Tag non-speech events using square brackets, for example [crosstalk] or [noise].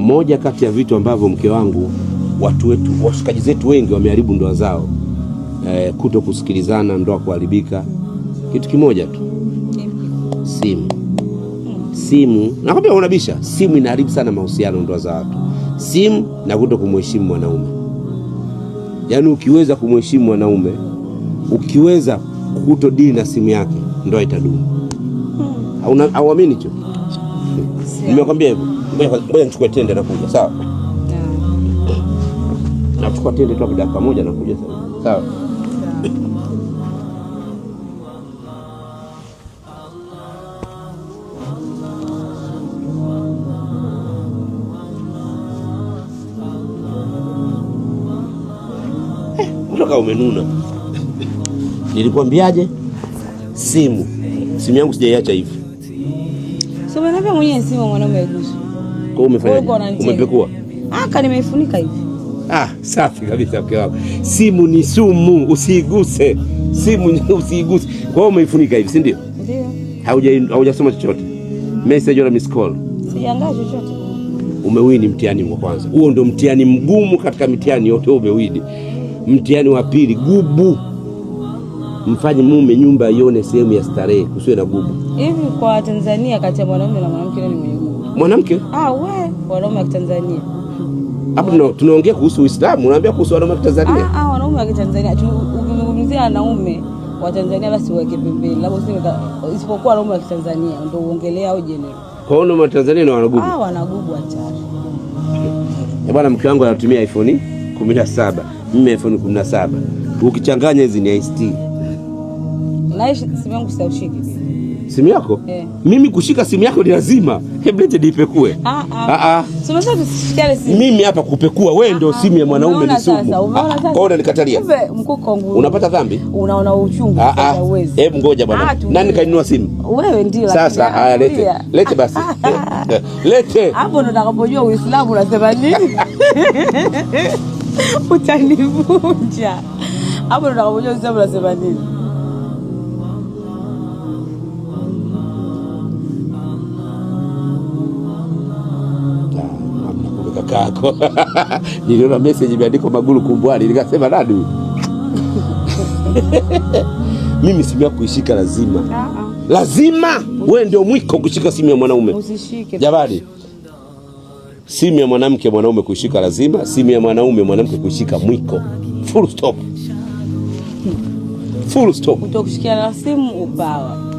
moja kati ya vitu ambavyo mke wangu, watu wetu, washikaji zetu wengi wameharibu ndoa zao e, eh, kuto kusikilizana, ndoa kuharibika, kitu kimoja tu, simu. Simu nakwambia, unabisha, simu inaharibu sana mahusiano, ndoa za watu, simu na kuto kumheshimu mwanaume. Yaani ukiweza kumheshimu mwanaume, ukiweza kuto dili na simu yake, ndoa itadumu. Hmm. Hauamini cho? Nimekwambia hivyo ngoja nichukue tende na kuja. Sawa, nachukua tende tu dakika moja na kuja. Sawa. Toka [laughs] eh, umenuna. Nilikwambiaje? Simu simu yangu sijaiacha hivi. So mwenye simu mwanaume gusu kwa umefanya umepekua? Aka ah, nimeifunika hivi. Ah, safi kabisa mke wangu. Simu ni sumu, usiiguse. Simu [laughs] usiiguse. Kwa hiyo umeifunika hivi, si ndio? Ndio. Hauja haujasoma chochote. Message wala miss call. Siangazi chochote. Umewini mtihani wa kwanza. Huo ndio mtihani mgumu katika mitihani yote umewini. Mtihani wa pili gubu. Mfanye mume nyumba ione sehemu ya starehe, kusiwe na gubu. Hivi kwa Tanzania kati ya mwanaume na mwanamke ni mwanamke. Ah, we wanaume wa Tanzania hapo tunaongea kuhusu Uislamu, unaambia kuhusu wanaume wa Tanzania. Ah, ah, wanaume wa Tanzania, ukizungumzia wanaume wa Tanzania basi uweke pembeni, labda useme isipokuwa wanaume wa Tanzania ndio uongelea au jeni. Kwa hiyo wanaume wa Tanzania ni wanagubu. Ah, wanagubu hata. Eh, bwana mke wangu anatumia iPhone 17, mimi iPhone 17. Ukichanganya hizi ni ST. Na simu yangu sitaushiki simu yako eh. Mimi kushika simu yako ni lazima, hebu lete nipekue. ah, ah. ah, ah. Mimi hapa kupekua wewe ndio ah, simu ya mwanaume ni sumu. Kwa nikatalia, unapata dhambi, unaona uchungu. Hebu ngoja bwana, nani kainunua simu? Wewe ndio sasa. Haya, lete lete basi, [laughs] lete hapo ndo nakapojua Uislamu unasema nini. [laughs] Utanivunja hapo ndo nakapojua Uislamu unasema nini. kakako [laughs] niliona message imeandikwa Magulu Kumbwani, nikasema nani [laughs] mimi simu yako kuishika lazima ah, ah. lazima, wewe ndio mwiko kushika simu ya mwanaume. Jamani, simu ya mwanamke mwanaume kuishika lazima, simu ya mwanaume mwanamke kuishika mwiko. Full stop. Full stop. Utakushikia na simu ubawa